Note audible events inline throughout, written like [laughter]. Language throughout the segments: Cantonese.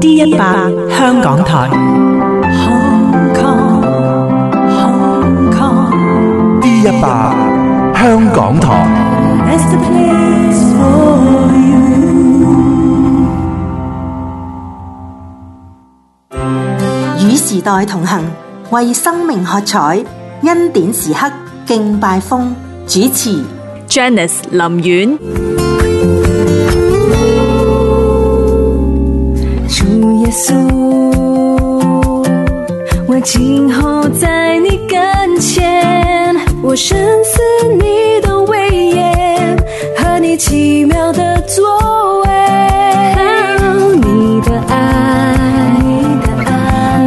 D 一百香港台，D 一百香港台，香港台，與 [music] 時代同行，為生命喝彩，恩典時刻敬拜風，主持 Janice 林苑。耶穌，我靜候在你跟前，我深思你的威嚴和你奇妙的作為。你的愛，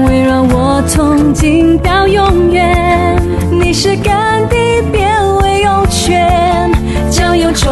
圍繞我從今到永遠。你是甘地變為湧泉，將憂愁。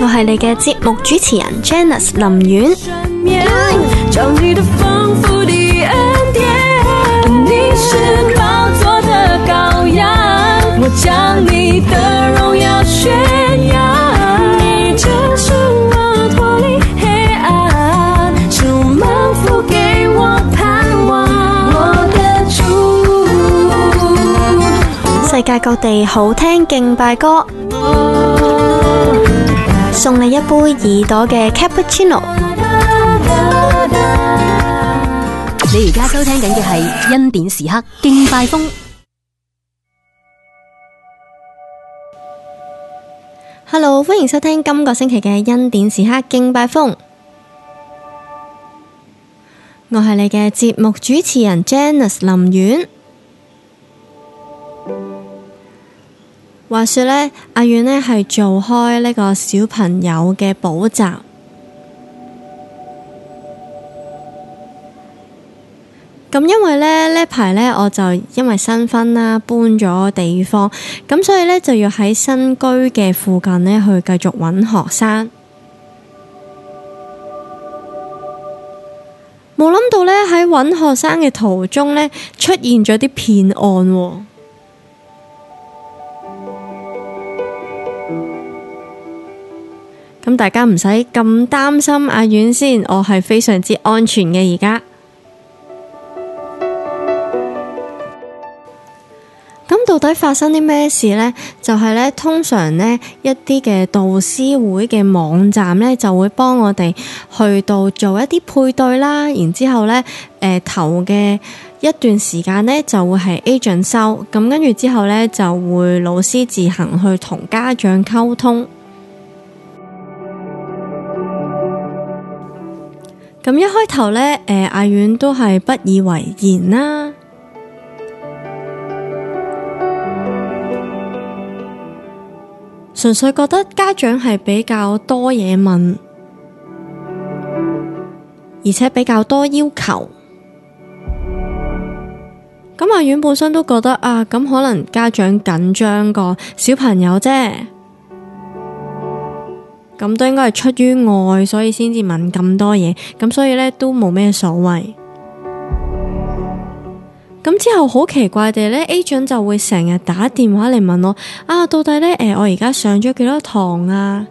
我係你嘅節目主持人 Janice 林苑。Bye. 各地好聽敬拜歌，送你一杯耳朵嘅 cappuccino。你而家收聽緊嘅係恩典時刻敬拜風。Hello，歡迎收聽今個星期嘅恩典時刻敬拜風。我係你嘅節目主持人 Janice 林苑。話說呢，阿遠呢係做開呢個小朋友嘅補習。咁因為呢，呢排呢，我就因為新婚啦，搬咗地方，咁所以呢，就要喺新居嘅附近呢去繼續揾學生。冇諗到呢，喺揾學生嘅途中呢，出現咗啲騙案，哦。咁大家唔使咁擔心，阿遠先，我係非常之安全嘅而家。咁到底發生啲咩事呢？就係呢，通常呢，一啲嘅導師會嘅網站呢，就會幫我哋去到做一啲配對啦，然之後呢，誒頭嘅一段時間呢，就會係 agent 收，咁跟住之後呢，就會老師自行去同家長溝通。咁一開頭呢，誒、啊，阿遠都係不以為然啦，純粹覺得家長係比較多嘢問，而且比較多要求。咁阿遠本身都覺得啊，咁可能家長緊張過小朋友啫。咁都應該係出於愛，所以先至問咁多嘢，咁所以呢，都冇咩所謂。咁 [music] 之後好奇怪地呢 [music] agent 就會成日打電話嚟問我啊，到底呢？誒、呃，我而家上咗幾多堂啊？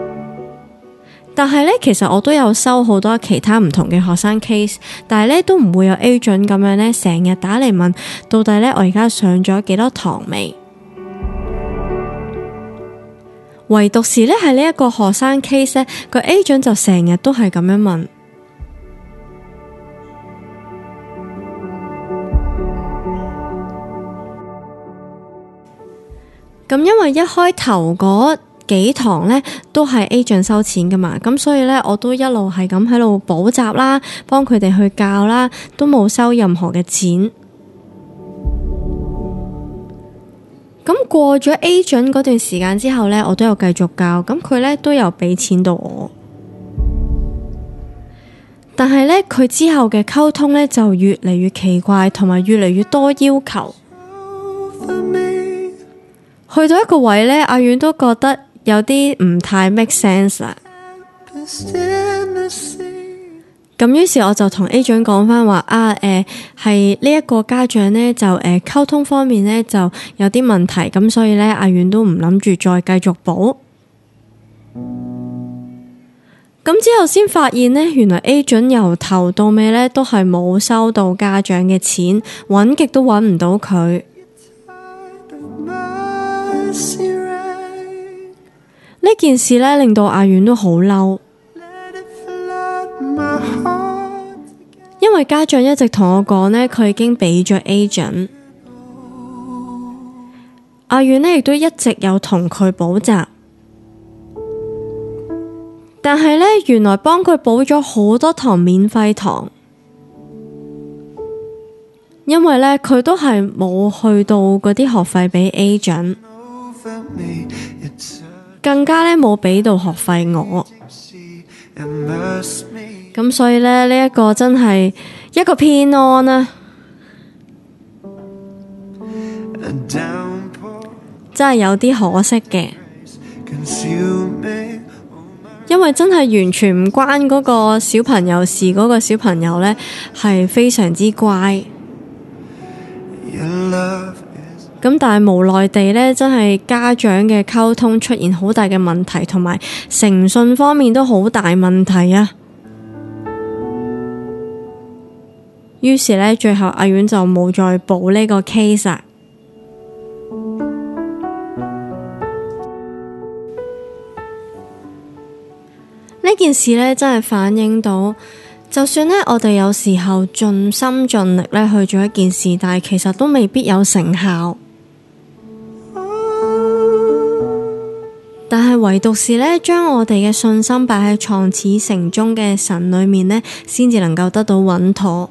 [music] 但係呢，其實我都有收好多其他唔同嘅學生 case，但係呢，都唔會有 agent 咁樣呢成日打嚟問到底呢？我而家上咗幾多堂未？唯獨是呢係呢一個學生 case 咧，個 [noise] agent 樂就成日都係咁樣問。咁 [music] 因為一開頭嗰幾堂呢都係 agent 收錢噶嘛，咁所以呢我都一路係咁喺度補習啦，幫佢哋去教啦，都冇收任何嘅錢。咁過咗 Agent 嗰段時間之後呢，我都有繼續教，咁佢呢都有俾錢到我。但係呢，佢之後嘅溝通呢就越嚟越奇怪，同埋越嚟越多要求。去到一個位呢，阿遠都覺得有啲唔太 make sense 啦。咁於是我就同 A 准講返話啊，誒係呢一個家長呢，就誒、呃、溝通方面呢，就有啲問題，咁所以呢，阿遠都唔諗住再繼續補。咁 [music] 之後先發現呢，原來 A 准由頭到尾呢，都係冇收到家長嘅錢，揾極都揾唔到佢。呢 [music] 件事呢，令到阿遠都好嬲。因為家長一直同我講呢，佢已經俾咗 agent，阿遠呢亦都一直有同佢補習，但係呢，原來幫佢補咗好多堂免費堂，因為呢，佢都係冇去到嗰啲學費俾 agent，更加呢冇俾到學費我。咁所以呢，呢、這、一個真係一個偏安啦，啊，真係有啲可惜嘅，因為真係完全唔關嗰個小朋友事，嗰個小朋友呢，係非常之乖。咁但係無奈地呢，真係家長嘅溝通出現好大嘅問題，同埋誠信方面都好大問題啊！於是呢，最後阿遠就冇再補呢個 case。呢件事呢，真係反映到，就算呢，我哋有時候盡心盡力呢去做一件事，但係其實都未必有成效。啊、但係唯獨是呢，將我哋嘅信心擺喺創始成終嘅神裏面呢，先至能夠得到穩妥。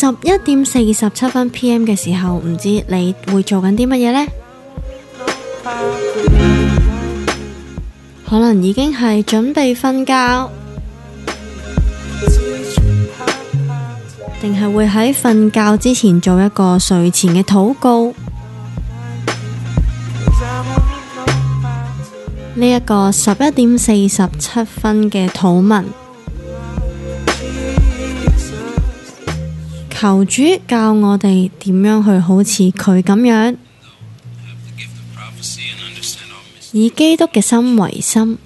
十一點四十七分 P.M. 嘅時候，唔知你會做緊啲乜嘢呢？可能已經係準備瞓覺，定係會喺瞓覺之前做一個睡前嘅禱告。呢、這、一個十一點四十七分嘅禱文。求主教我哋點樣去好似佢咁樣，以基督嘅心為心。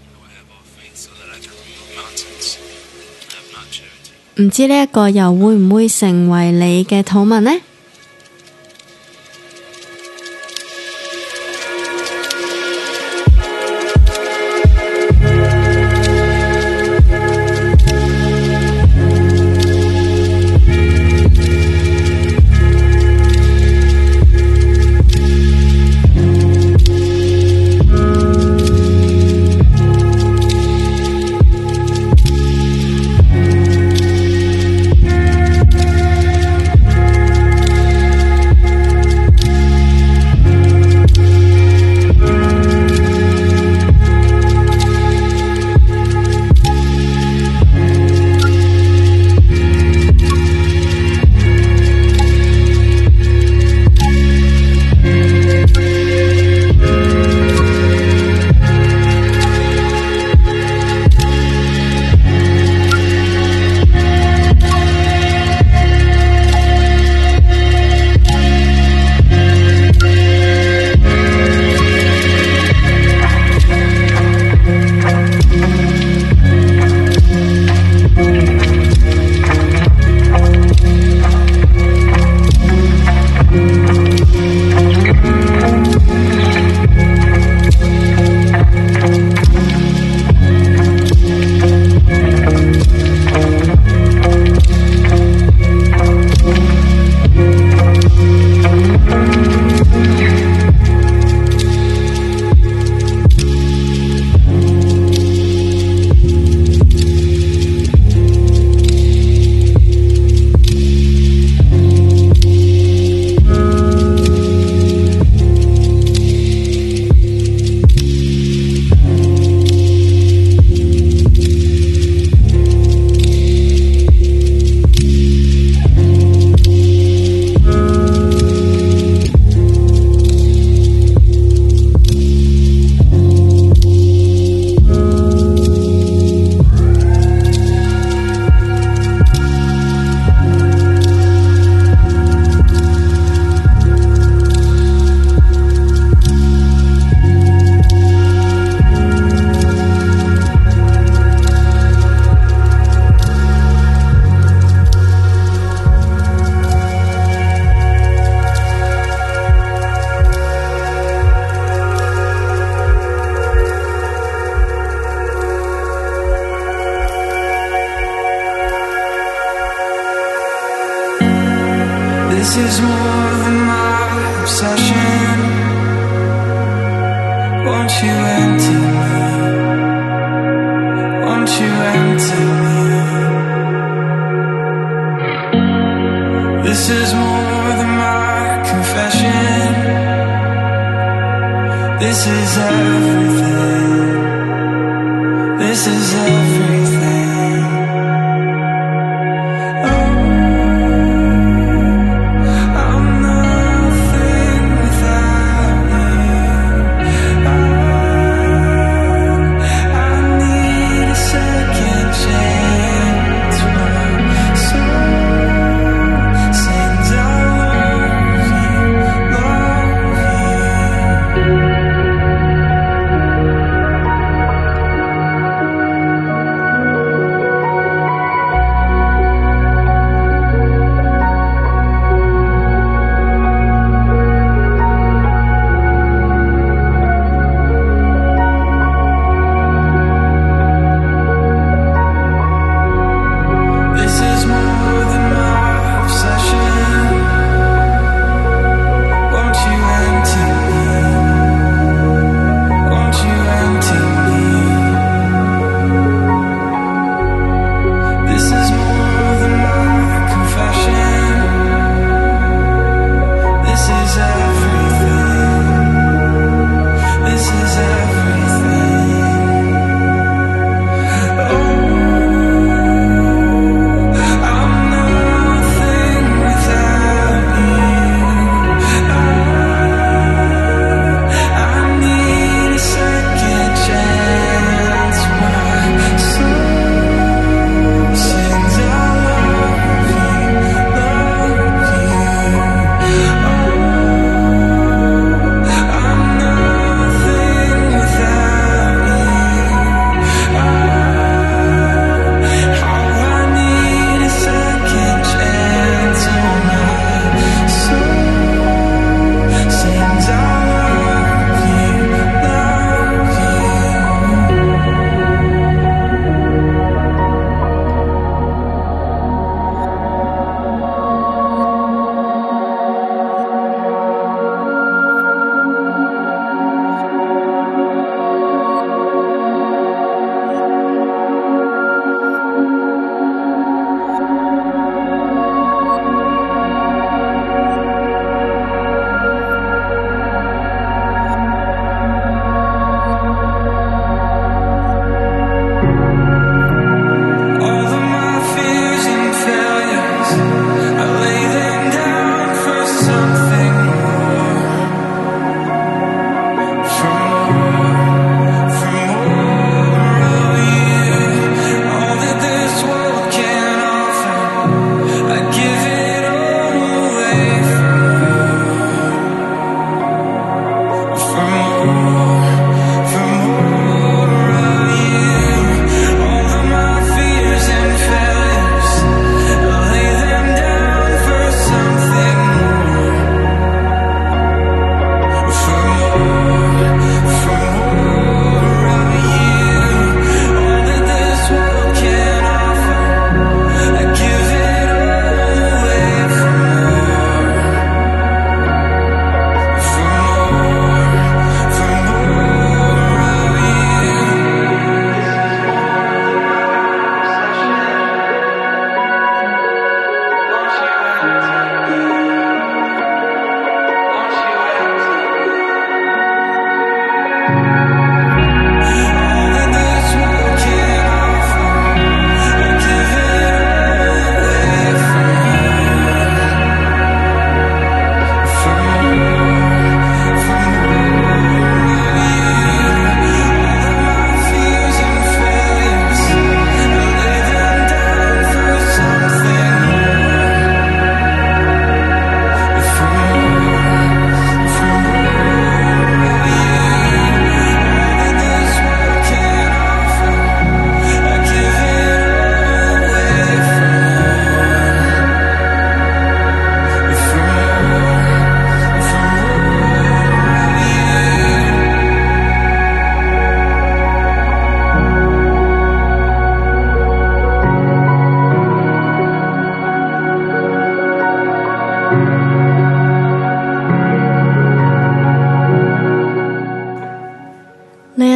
唔知呢一個又會唔會成為你嘅禱文呢？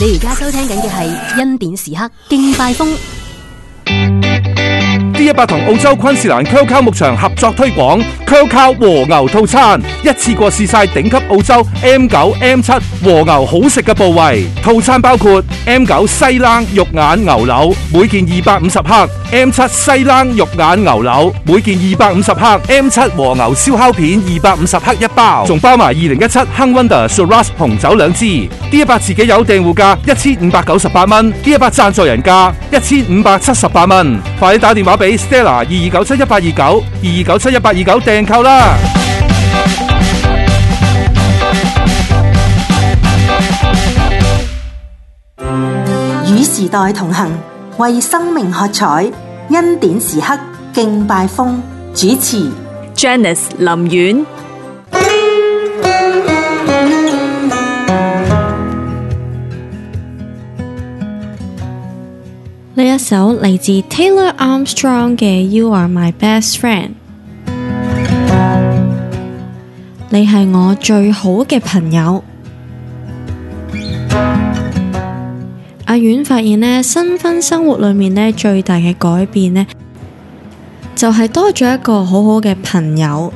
你而家收聽緊嘅係《恩典時刻》敬拜風。D 一百同澳洲昆士蘭 Coco 牧場合作推廣 Coco 和牛套餐，一次過試晒頂級澳洲 M 九 M 七和牛好食嘅部位。套餐包括 M 九西冷肉眼牛柳，每件二百五十克；M 七西冷肉眼牛柳，每件二百五十克；M 七和牛燒烤，烤片，二百五十克一包，仲包埋二零一七 Hunwender Shiraz 紅酒兩支。D 一百自己有訂戶價一千五百九十八蚊，D 一百贊助人價一千五百七十八蚊。快啲打電話俾！Stella 二二九七一八二九，二二九七一八二九訂購啦！與時代同行，為生命喝彩，恩典時刻敬拜風，主持 Janice 林苑。一首嚟自 Taylor Armstrong 嘅《You Are My Best Friend》，你係我最好嘅朋友。阿遠發現呢，新婚生活裏面呢，最大嘅改變呢，就係多咗一個好好嘅朋友。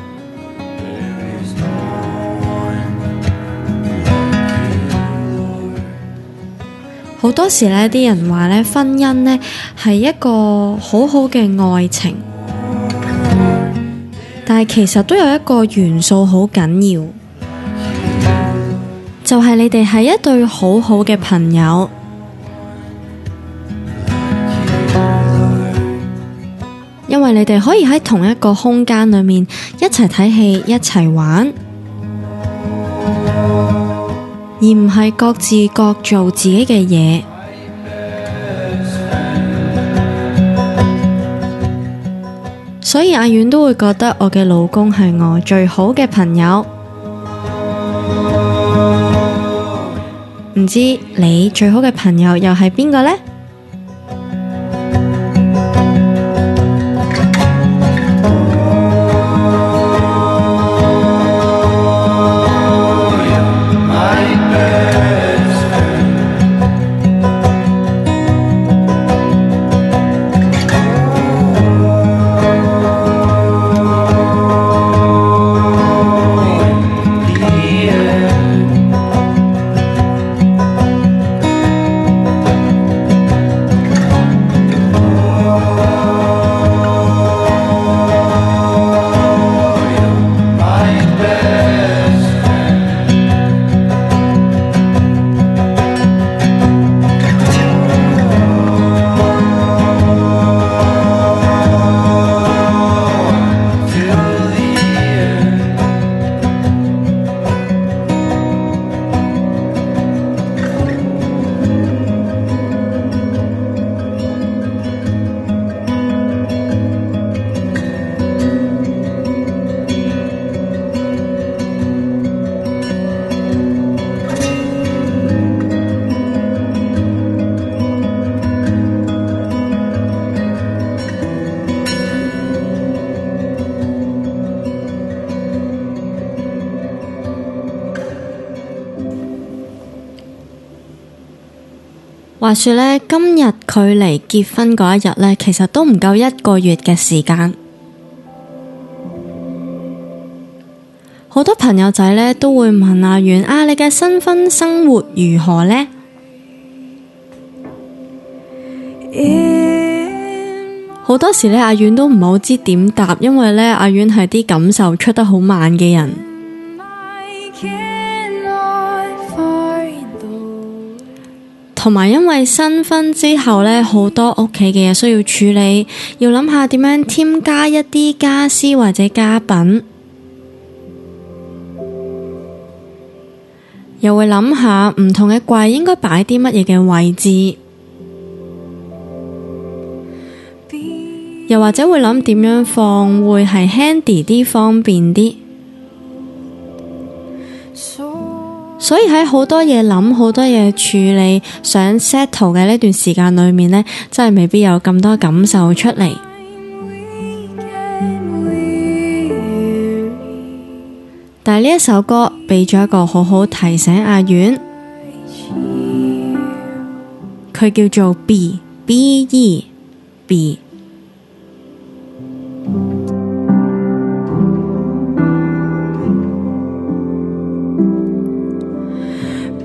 好多時呢啲人話呢婚姻，呢係一個好好嘅愛情，但係其實都有一個元素好緊要，就係你哋係一對好好嘅朋友，因為你哋可以喺同一個空間裏面一齊睇戲，一齊玩。而唔係各自各做自己嘅嘢，所以阿遠都會覺得我嘅老公係我最好嘅朋友。唔知道你最好嘅朋友又係邊個呢？話說咧，今日距離結婚嗰一日咧，其實都唔夠一個月嘅時間。好多朋友仔咧都會問阿遠啊，你嘅新婚生活如何呢？嗯，好多時咧，阿遠都唔好知點答，因為咧，阿遠係啲感受出得好慢嘅人。同埋，因為新婚之後呢，好多屋企嘅嘢需要處理，要諗下點樣添加一啲家私或者家品，又會諗下唔同嘅櫃應該擺啲乜嘢嘅位置，又或者會諗點樣放會係 handy 啲、方便啲。所以喺好多嘢諗，好多嘢處理、想 settle 嘅呢段時間裏面呢，真係未必有咁多感受出嚟，嗯。但係呢一首歌俾咗一個好好提醒阿，阿遠，佢叫做 B B E B。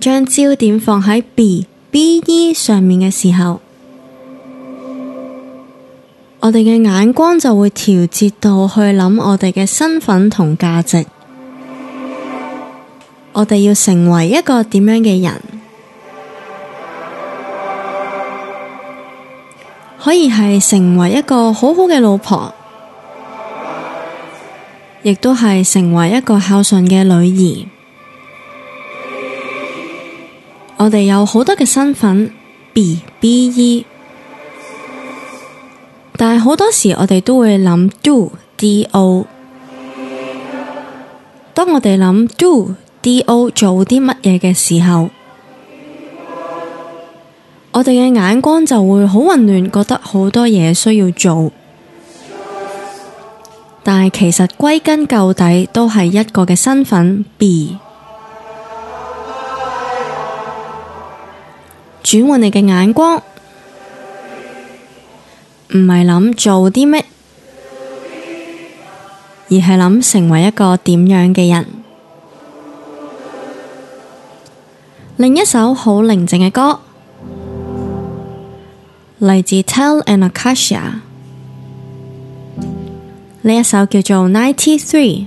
將焦點放喺 BBE 上面嘅時候，我哋嘅眼光就會調節到去諗我哋嘅身份同價值。我哋要成為一個點樣嘅人，可以係成為一個好好嘅老婆，亦都係成為一個孝順嘅女兒。我哋有好多嘅身份，B、B、E，但係好多時我哋都會諗 do、do。當我哋諗 do、do 做啲乜嘢嘅時候，我哋嘅眼光就會好混亂，覺得好多嘢需要做，但係其實歸根究底都係一個嘅身份，B。Be, 轉換你嘅眼光，唔係諗做啲咩，而係諗成為一個點樣嘅人。另一首好寧靜嘅歌，嚟自 Tell and Akasha，呢一首叫做《Ninety Three》。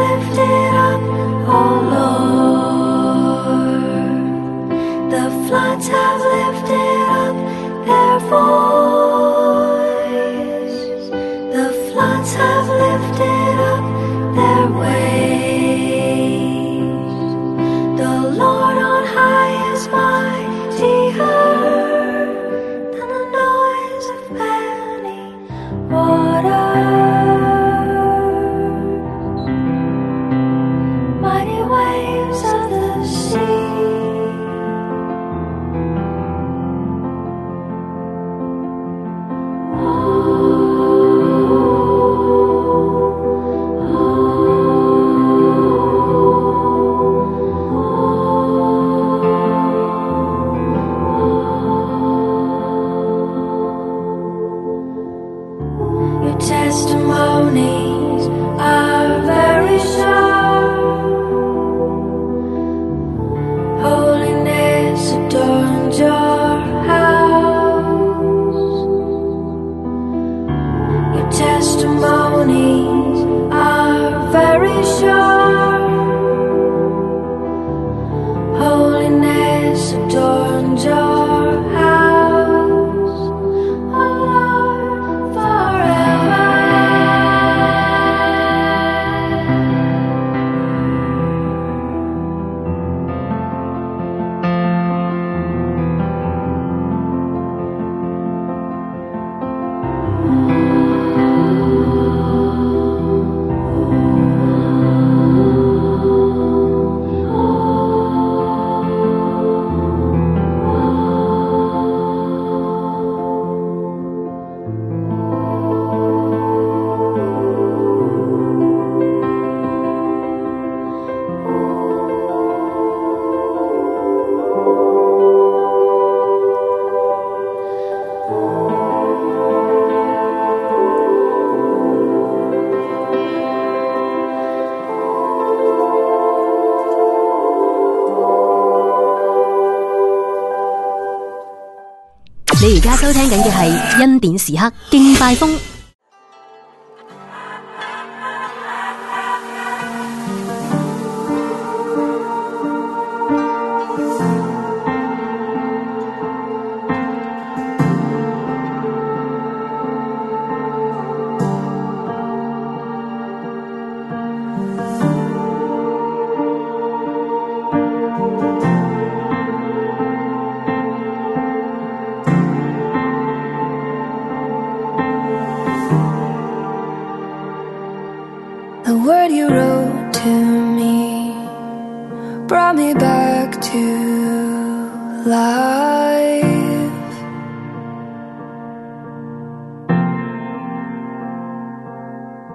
收聽緊嘅係恩典時刻敬拜風。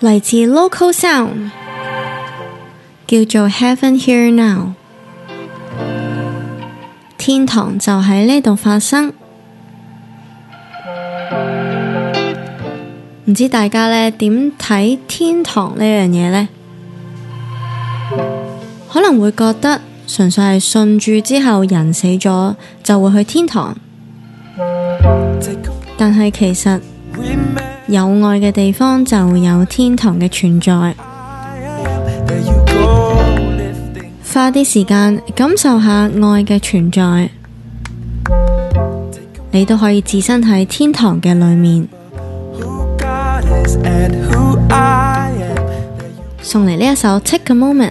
來自 Local Sound，叫做 Heaven Here Now，天堂就喺呢度發生。唔知大家呢點睇天堂呢樣嘢呢？可能會覺得純粹係信住之後，人死咗就會去天堂。但係其實。有愛嘅地方就會有天堂嘅存在，花啲時間感受下愛嘅存在，你都可以置身喺天堂嘅裏面。Is，送嚟呢一首 Take a moment。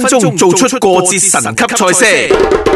分鐘做出過節神級菜式。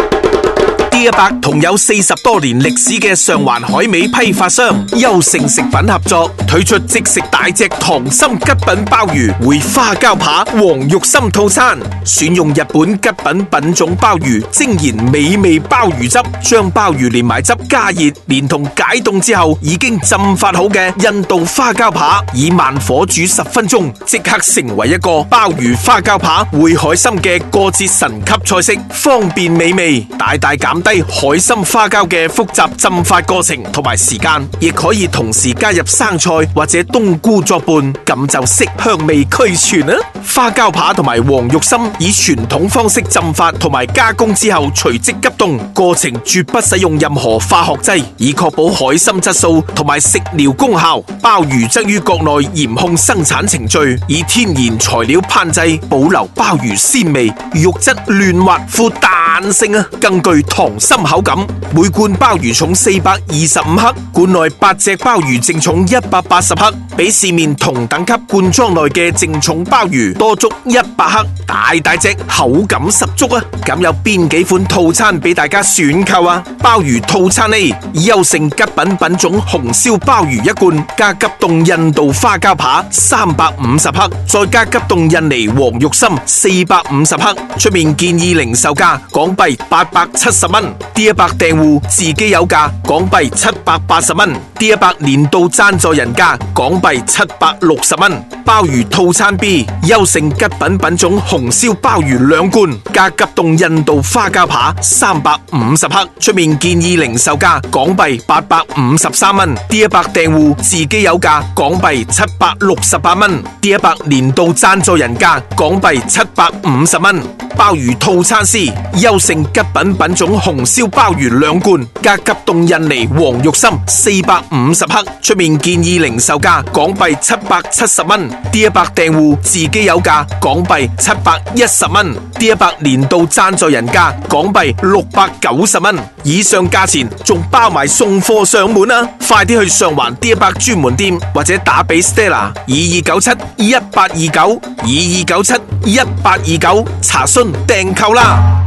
一百同有四十多年歷史嘅上環海味批發商優勝食品合作推出即食大隻溏心吉品鮑魚會花膠扒黃肉心套餐，選用日本吉品品種鮑魚，精然美味鮑魚汁，將鮑魚連埋汁加熱，連同解凍之後已經浸發好嘅印度花膠扒，以慢火煮十分鐘，即刻成為一個鮑魚花膠扒會海參嘅過節神級菜式，方便美味，大大減低。海參花膠嘅複雜浸發過程同埋時間，亦可以同時加入生菜或者冬菇作伴，咁就色香味俱全啦。花膠扒同埋黃肉參以傳統方式浸發同埋加工之後，隨即急凍，過程絕不使用任何化學劑，以確保海參質素同埋食療功效。鮑魚則於國內嚴控生產程序，以天然材料烹製，保留鮑魚鮮味，肉質嫩滑富彈性啊，更具糖深口感，每罐鮑魚重四百二十五克，罐內八隻鮑魚淨重一百八十克，比市面同等級罐裝內嘅淨重鮑魚多足一百克，大大隻，口感十足啊！咁有邊幾款套餐俾大家選購啊？鮑魚套餐 A，優勝吉品品種紅燒鮑魚一罐，加急凍印度花膠扒三百五十克，再加急凍印尼黃肉參四百五十克，出面建議零售價港幣八百七十蚊。D 一百訂戶自己有價港幣七百八十蚊，D 一百年度讚助人家港幣七百六十蚊。鮑魚套餐 B 優勝吉品品種紅燒鮑魚兩罐加急凍印度花膠扒三百五十克，出面建議零售價港幣八百五十三蚊。D 一百訂戶自己有價港幣七百六十八蚊，D 一百年度讚助人家港幣七百五十蚊。鮑魚套餐 C 優勝吉品品種紅。紅燒鮑魚兩罐，加急凍印尼黃玉心四百五十克，出面建議零售價港幣七百七十蚊，D 一百訂戶自己有價港幣七百一十蚊，D 一百年度贊助人價港幣六百九十蚊，以上價錢仲包埋送貨上門啊！快啲去上環 D 一百專門店或者打俾 Stella 二二九七一八二九二二九七一八二九查詢訂購啦！